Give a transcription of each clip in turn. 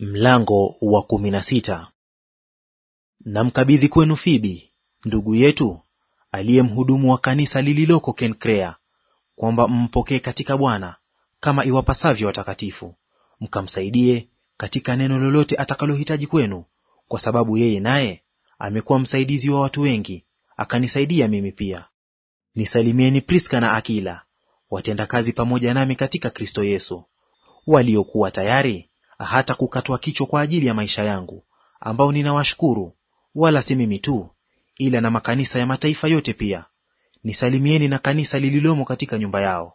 Mlango wa kumi na sita. Namkabidhi kwenu Fibi ndugu yetu aliye mhudumu wa kanisa lililoko Kenkrea, kwamba mmpokee katika Bwana kama iwapasavyo watakatifu, mkamsaidie katika neno lolote atakalohitaji kwenu, kwa sababu yeye naye amekuwa msaidizi wa watu wengi, akanisaidia mimi pia. Nisalimieni Priska na Akila, watendakazi pamoja nami katika Kristo Yesu, waliokuwa tayari hata kukatwa kichwa kwa ajili ya maisha yangu, ambao ninawashukuru, wala si mimi tu, ila na makanisa ya mataifa yote pia. Nisalimieni na kanisa lililomo katika nyumba yao.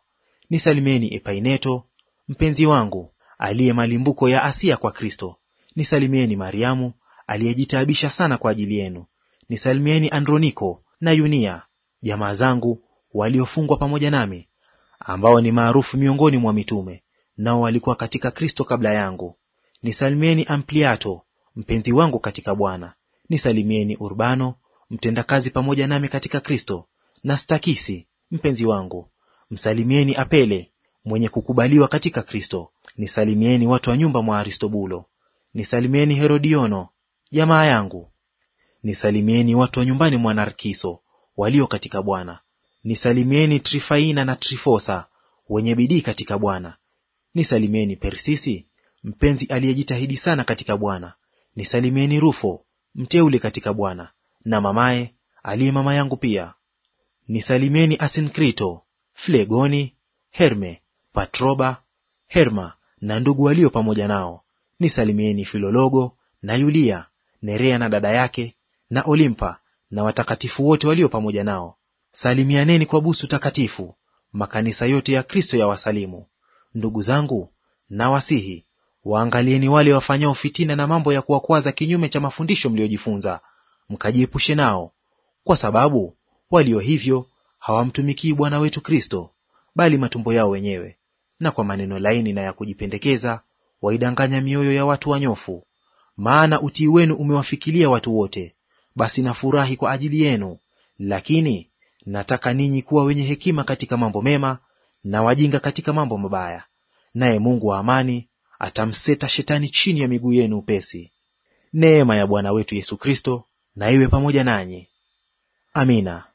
Nisalimieni Epaineto mpenzi wangu, aliye malimbuko ya Asia kwa Kristo. Nisalimieni Mariamu aliyejitaabisha sana kwa ajili yenu. Nisalimieni Androniko na Yunia, jamaa zangu waliofungwa pamoja nami, ambao ni maarufu miongoni mwa mitume nao walikuwa katika Kristo kabla yangu. Nisalimieni Ampliato mpenzi wangu katika Bwana. Nisalimieni Urbano mtendakazi pamoja nami katika Kristo, na Stakisi mpenzi wangu. Msalimieni Apele mwenye kukubaliwa katika Kristo. Nisalimieni watu wa nyumba mwa Aristobulo. Nisalimieni Herodiono jamaa yangu. Nisalimieni watu wa nyumbani mwa Narkiso walio katika Bwana. Nisalimieni Trifaina na Trifosa wenye bidii katika Bwana. Nisalimieni Persisi, mpenzi aliyejitahidi sana katika Bwana. Nisalimieni Rufo, mteule katika Bwana, na mamaye aliye mama yangu pia. Nisalimieni Asinkrito, Flegoni, Herme, Patroba, Herma na ndugu walio pamoja nao. Nisalimieni Filologo na Yulia, Nerea na dada yake, na Olimpa na watakatifu wote walio pamoja nao. Salimianeni kwa busu takatifu. Makanisa yote ya Kristo ya wasalimu. Ndugu zangu, nawasihi waangalieni wale wafanyao fitina na mambo ya kuwakwaza kinyume cha mafundisho mliyojifunza, mkajiepushe nao, kwa sababu walio hivyo hawamtumikii Bwana wetu Kristo, bali matumbo yao wenyewe, na kwa maneno laini na ya kujipendekeza waidanganya mioyo ya watu wanyofu. Maana utii wenu umewafikilia watu wote, basi nafurahi kwa ajili yenu, lakini nataka ninyi kuwa wenye hekima katika mambo mema na wajinga katika mambo mabaya naye Mungu wa amani atamseta Shetani chini ya miguu yenu upesi. Neema ya Bwana wetu Yesu Kristo na iwe pamoja nanyi. Amina.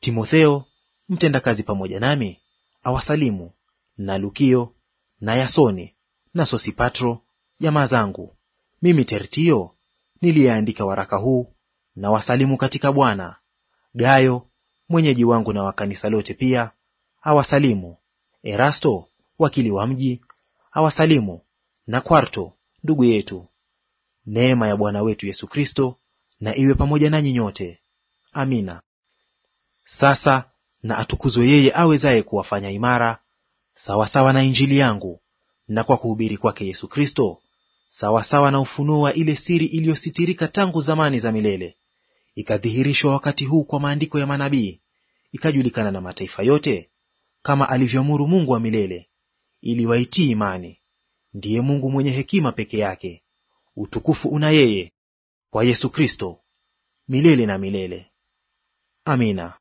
Timotheo mtendakazi pamoja nami awasalimu, na Lukio na Yasoni na Sosipatro jamaa zangu. Mimi Tertio niliyeandika waraka huu na wasalimu katika Bwana. Gayo mwenyeji wangu na wa kanisa lote pia awasalimu. Erasto wakili wa mji, awasalimu na Kwarto ndugu yetu. Neema ya Bwana wetu Yesu Kristo na iwe pamoja nanyi nyote. Amina. Sasa na atukuzwe yeye awezaye kuwafanya imara sawasawa na injili yangu, na kwa kuhubiri kwake Yesu Kristo sawasawa na ufunuo wa ile siri iliyositirika tangu zamani za milele, ikadhihirishwa wakati huu kwa maandiko ya manabii, ikajulikana na mataifa yote, kama alivyoamuru Mungu wa milele ili waitii imani. Ndiye Mungu mwenye hekima peke yake. Utukufu una yeye kwa Yesu Kristo milele na milele. Amina.